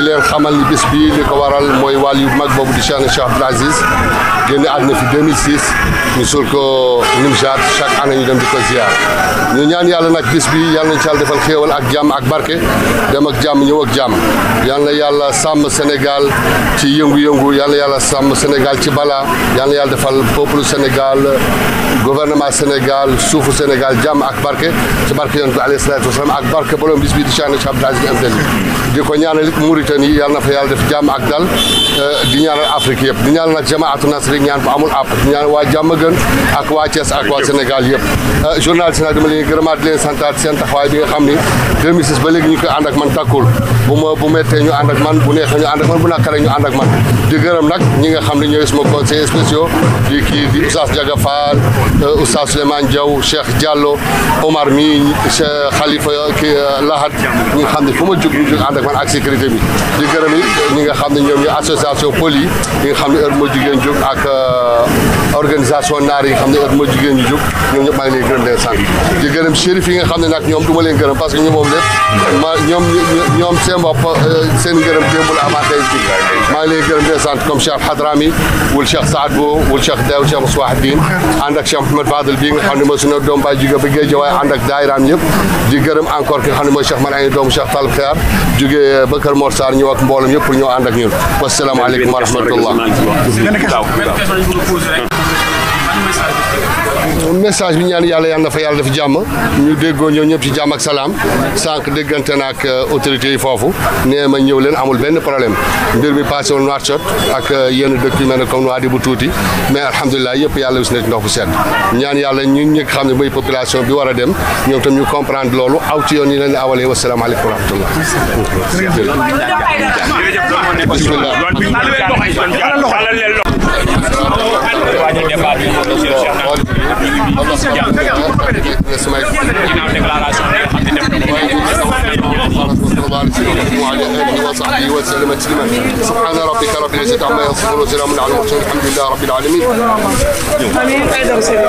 di leen xamal ni bés bi li ko waral mooy wàll yu mag boobu di Cheikh na Cheikh Abdoul Aziz génn àdduna fi 2006 ñu suul ko Nimzaat chaque année ñu dem di ko ziar ñu ñaan yàlla nag bis bi yàlla nañ ci yàlla defal xéewal ak jàmm ak barke dem ak jàmm ñëw ak jàmm yàlla na yàlla sàmm Sénégal ci yëngu-yëngu yàlla na yàlla sàmm Sénégal ci bala yàlla na yàlla defal peuple Sénégal gouvernement Sénégal suufu Sénégal jàmm ak barke ci barke yonent bi alayhi salaatu wasalaam ak barke borom bis bi di Cheikh Abdou Aziz di ko ñaanal it Mauritanie yàlla na fa yàlla def jàmm ak dal eh, di ñaanal Afrique yëpp di ñaanal nag jamaatu nasri ñaan bu amul àpp di ñaanal waa jàmm gën ak waa Thiès ak waa Sénégal yëpp euh, journaliste nag dama leen gërëmaat di leen santaat seen taxawaay bi nga xam ni 2006 ba léegi ñu koy ànd ak man tàkkul bu ma bu mettee ñu ànd ak man bu neexee ñu ànd ak man bu naqaree ñu ànd ak man di gërëm nag ñi nga xam ne ñooy suma conseillers spéciaux di kii di Oustaz Diaga Fall euh, Oustaz Souleymane Diaw Cheikh Diallo Omar mi Cheikh Khalifa euh, kii Lahat ñi nga xam ne fu ma jóg ñu jóg ànd ak man ak sécurité bi di gërëm it ñi nga xam ne ñoom ñu association poli yi nga xam ne heure moo jigéen jóg ak organisation naar yi nga xam ne heure moo jigéen ñu jóg ñoom ñëpp maa ngi leen gërëm leen sant di gërëm shérif yi nga xam ne nag ñoom du ma leen gërëm parce que ñu moom lépp ma ñoom ñoom seen bopp euh, seen gërëm démb la amaat tey jii maa ngi leen gërëm leen sant comme Cheikh Hadrami wul Cheikh Saad Bo wul Cheikh Daw Cheikh Moussouahidine ànd ak Cheikh Mouhamad Fadel bii nga xam ne mooy suñu doom baay jóge ba géej waaye ànd ak daayiraam ñëpp di gërëm encore ki nga xam ne mooy Cheikh man ay doomu Cheikh Talib Xeer jóge ba Kër Mor Sarr ñëw ak mboolem ñëpp pour ñëw ànd ak ñun wasalaamaaleykum wa rahmatullah message bi ñaan yàlla yàlla na fa yàlla def jàmm ñu déggoo ñoo ñëpp ci jàmm ak salaam sànq déggante na ak euh, yi foofu nee ma ñëw leen amul benn problème mbir mi passé woon Nouakchott ak euh, yenn dëkk yu mel ne comme Nouadhibou bu tuuti mais alhamdulilah yëpp yàlla wis na ci ndox ñaan yàlla ñun ñi xam ne mooy population bi war dem ñoom tam ñu comprendre loolu aw ci yoon yi leen awalee wasalaamaaleykum wa rahmatullah وعلى آله وصحبه وسلم تسليما سبحان ربك رب العزة عما يصفون وسلام على المرسلين الحمد لله رب العالمين